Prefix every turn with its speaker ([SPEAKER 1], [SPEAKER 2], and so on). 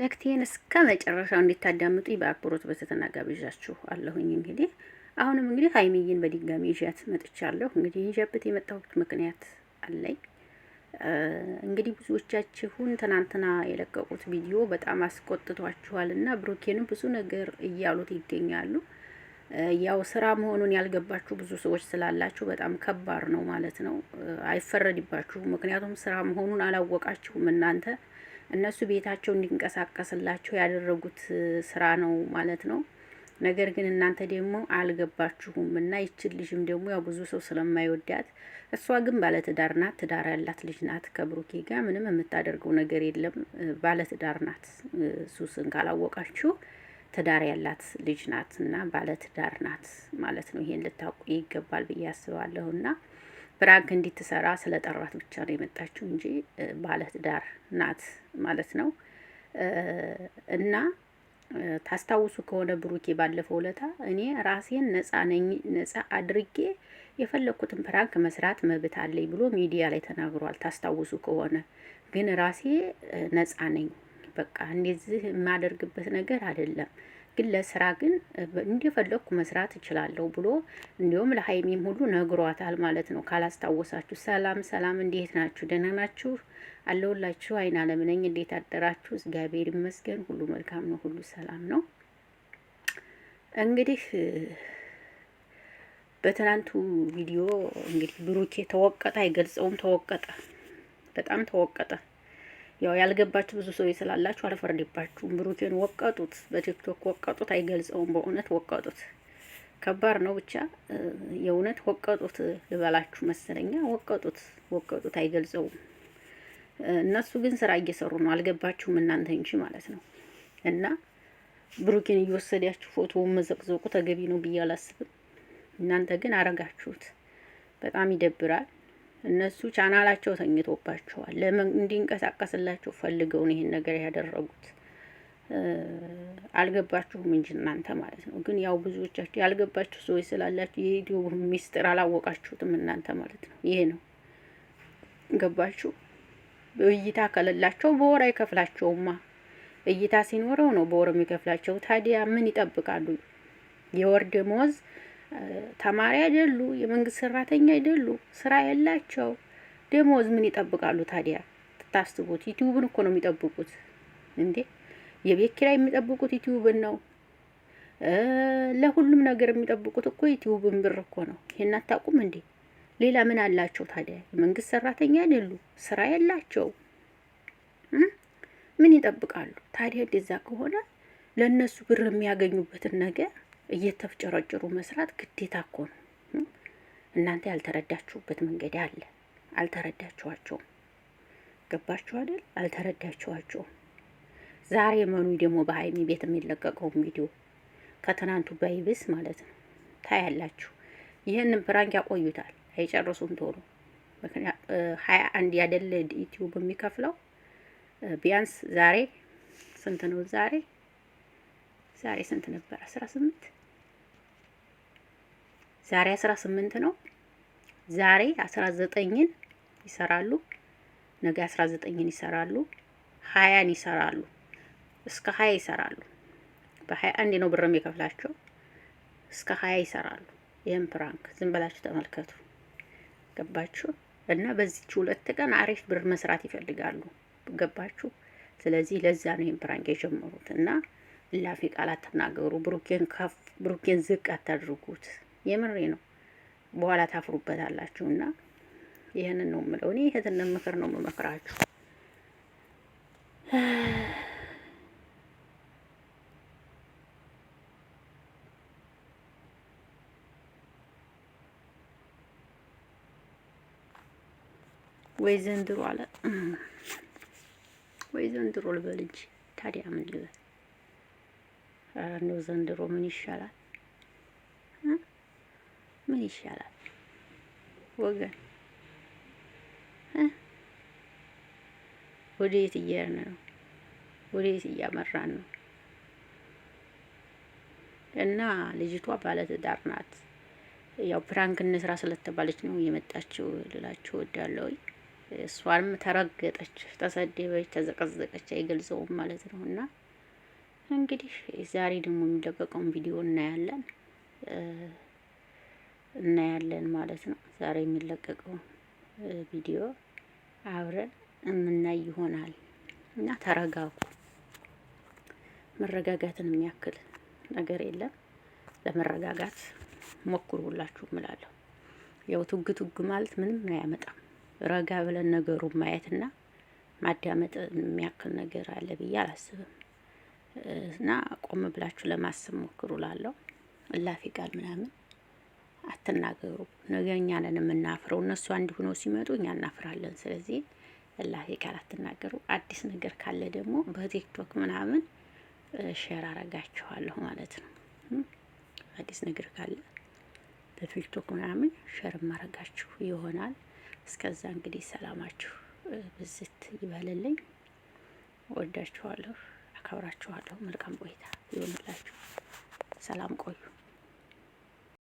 [SPEAKER 1] መልእክቴን እስከ መጨረሻው እንዲታዳምጡ በአክብሮት በትህትና ጋብዣችሁ አለሁኝ። እንግዲህ አሁንም እንግዲህ ሀይሚዬን በድጋሚ ይዣት መጥቻለሁ። እንግዲህ ይዣበት የመጣሁት ምክንያት አለኝ። እንግዲህ ብዙዎቻችሁን ትናንትና የለቀቁት ቪዲዮ በጣም አስቆጥቷችኋል እና ብሩኬንም ብዙ ነገር እያሉት ይገኛሉ። ያው ስራ መሆኑን ያልገባችሁ ብዙ ሰዎች ስላላችሁ በጣም ከባድ ነው ማለት ነው። አይፈረድባችሁ፣ ምክንያቱም ስራ መሆኑን አላወቃችሁም እናንተ እነሱ ቤታቸው እንዲንቀሳቀስላቸው ያደረጉት ስራ ነው ማለት ነው። ነገር ግን እናንተ ደግሞ አልገባችሁም እና ይችን ልጅም ደግሞ ያው ብዙ ሰው ስለማይወዳት እሷ ግን ባለትዳር ናት። ትዳር ያላት ልጅ ናት። ከብሩኬ ጋር ምንም የምታደርገው ነገር የለም። ባለትዳር ናት። ሱስን ካላወቃችሁ ትዳር ያላት ልጅ ናት እና ባለትዳር ናት ማለት ነው። ይሄን ልታውቁ ይገባል ብዬ አስባለሁ እና ፕራንክ እንዲትሰራ ስለጠራት ብቻ ነው የመጣችው እንጂ ባለትዳር ናት ማለት ነው። እና ታስታውሱ ከሆነ ብሩኬ ባለፈው ዕለታ እኔ ራሴን ነጻ ነኝ ነጻ አድርጌ የፈለግኩትን ፕራንክ መስራት መብት አለኝ ብሎ ሚዲያ ላይ ተናግሯል። ታስታውሱ ከሆነ ግን ራሴ ነጻ ነኝ፣ በቃ እንደዚህ የማደርግበት ነገር አይደለም ግን ለስራ ግን እንደፈለግኩ መስራት እችላለሁ ብሎ እንዲሁም ለሀይሚም ሁሉ ነግሯታል ማለት ነው። ካላስታወሳችሁ ሰላም ሰላም፣ እንዴት ናችሁ? ደህና ናችሁ? አለሁላችሁ። አይን አለምነኝ እንዴት አደራችሁ? እግዚአብሔር ይመስገን፣ ሁሉ መልካም ነው፣ ሁሉ ሰላም ነው። እንግዲህ በትናንቱ ቪዲዮ እንግዲህ ብሩኬ ተወቀጠ፣ አይገልጸውም። ተወቀጠ፣ በጣም ተወቀጠ። ያው ያልገባችሁ ብዙ ሰው ስላላችሁ አልፈርድባችሁም። ብሩኬን ወቀጡት፣ በቲክቶክ ወቀጡት፣ አይገልጸውም። በእውነት ወቀጡት፣ ከባድ ነው። ብቻ የእውነት ወቀጡት ልበላችሁ መሰለኛ። ወቀጡት፣ ወቀጡት፣ አይገልጸውም። እነሱ ግን ስራ እየሰሩ ነው። አልገባችሁም እናንተ እንጂ ማለት ነው። እና ብሩኬን እየወሰዳችሁ ፎቶ መዘቅዘቁ ተገቢ ነው ብዬ አላስብም። እናንተ ግን አረጋችሁት። በጣም ይደብራል። እነሱ ቻናላቸው ተኝቶባቸዋል። ለምን እንዲንቀሳቀስላቸው ፈልገውን ይሄን ነገር ያደረጉት አልገባችሁም እንጂ እናንተ ማለት ነው። ግን ያው ብዙዎቻችሁ ያልገባችሁ ሰዎች ስላላችሁ የዩቲዩብ ሚስጥር አላወቃችሁትም እናንተ ማለት ነው። ይሄ ነው ገባችሁ። እይታ ከሌላቸው በወር አይከፍላቸውማ። እይታ ሲኖረው ነው በወር የሚከፍላቸው። ታዲያ ምን ይጠብቃሉ? የወር ደሞዝ ተማሪ አይደሉ፣ የመንግስት ሰራተኛ አይደሉ፣ ስራ የላቸው። ደሞዝ ምን ይጠብቃሉ ታዲያ? ታስቡት። ዩቲዩብን እኮ ነው የሚጠብቁት እንዴ! የቤት ኪራይ የሚጠብቁት ዩቲዩብን ነው። ለሁሉም ነገር የሚጠብቁት እኮ ዩቲዩብን ብር እኮ ነው። ይሄን አታውቁም እንዴ? ሌላ ምን አላቸው ታዲያ? የመንግስት ሰራተኛ አይደሉ፣ ስራ የላቸው። ምን ይጠብቃሉ ታዲያ? እንደዛ ከሆነ ለእነሱ ብር የሚያገኙበትን ነገር እየተፍጨረጨሩ መስራት ግዴታ እኮ ነው። እናንተ ያልተረዳችሁበት መንገድ አለ። አልተረዳችኋቸውም። ገባችሁ አይደል? አልተረዳችኋቸውም። ዛሬ መኑ ደግሞ በሀይሚ ቤት የሚለቀቀውን ቪዲዮ ከትናንቱ ባይብስ ማለት ነው። ታያላችሁ። ይህንን ፕራንክ ያቆዩታል፣ አይጨርሱም ቶሎ። ምክንያት ሀያ አንድ ያደለ ዩቲዩብ የሚከፍለው ቢያንስ ዛሬ ስንት ነው? ዛሬ ዛሬ ስንት ነበር? አስራ ስምንት ዛሬ 18 ነው። ዛሬ 19ን ይሰራሉ፣ ነገ 19ን ይሰራሉ፣ 20ን ይሰራሉ፣ እስከ 20 ይሰራሉ። በ21 ነው ብር የሚከፍላቸው እስከ 20 ይሰራሉ። ይህም ፕራንክ ዝም ብላችሁ ተመልከቱ። ገባችሁ? እና በዚች ሁለት ቀን አሪፍ ብር መስራት ይፈልጋሉ። ገባችሁ? ስለዚህ ለዛ ነው ይህን ፕራንክ የጀመሩት እና እላፊ ቃል አትናገሩ። ብሩኬን ከፍ ብሩኬን ዝቅ አታድርጉት። የምሬ ነው። በኋላ ታፍሩበታላችሁ እና ይህንን ነው የምለው። እኔ እህትነት ምክር ነው የምመክራችሁ። ወይ ዘንድሮ አለ ወይ ዘንድሮ ልበል እንጂ ታዲያ ምን ልበል? እንደው ዘንድሮ ምን ይሻላል? ምን ይሻላል ወገን? ወደ የት እየሄድን ነው? ወደ የት እያመራን ነው? እና ልጅቷ ባለትዳር ናት። ያው ፕራንክ እንስራ ስለተባለች ነው የመጣችው ልላችሁ እወዳለሁ። እሷንም ተረገጠች፣ ተሰደበች፣ ተዘቀዘቀች አይገልጸውም ማለት ነው። እና እንግዲህ ዛሬ ደግሞ የሚለቀቀውን ቪዲዮ እናያለን። እናያለን ማለት ነው። ዛሬ የሚለቀቀው ቪዲዮ አብረን የምናይ ይሆናል እና ተረጋጉ። መረጋጋትን የሚያክል ነገር የለም። ለመረጋጋት ሞክሩ ሁላችሁ እምላለሁ። ያው ቱግ ቱግ ማለት ምንም አያመጣም። ረጋ ብለን ነገሩ ማየትና ማዳመጥ የሚያክል ነገር አለ ብዬ አላስብም እና ቆም ብላችሁ ለማሰብ ሞክሩ ላለው እላፊ ቃል ምናምን አትናገሩ፣ ነገ እኛ ነን የምናፍረው። እነሱ አንድ ሆነው ሲመጡ እኛ እናፍራለን። ስለዚህ እላሄ ቃል አትናገሩ። አዲስ ነገር ካለ ደግሞ በቲክቶክ ምናምን ሼር አረጋችኋለሁ ማለት ነው። አዲስ ነገር ካለ በቲክቶክ ምናምን ሼር ማረጋችሁ ይሆናል። እስከዛ እንግዲህ ሰላማችሁ ብዝት ይበልልኝ። ወዳችኋለሁ፣ አከብራችኋለሁ። መልካም ቆይታ ይሆንላችሁ። ሰላም ቆዩ።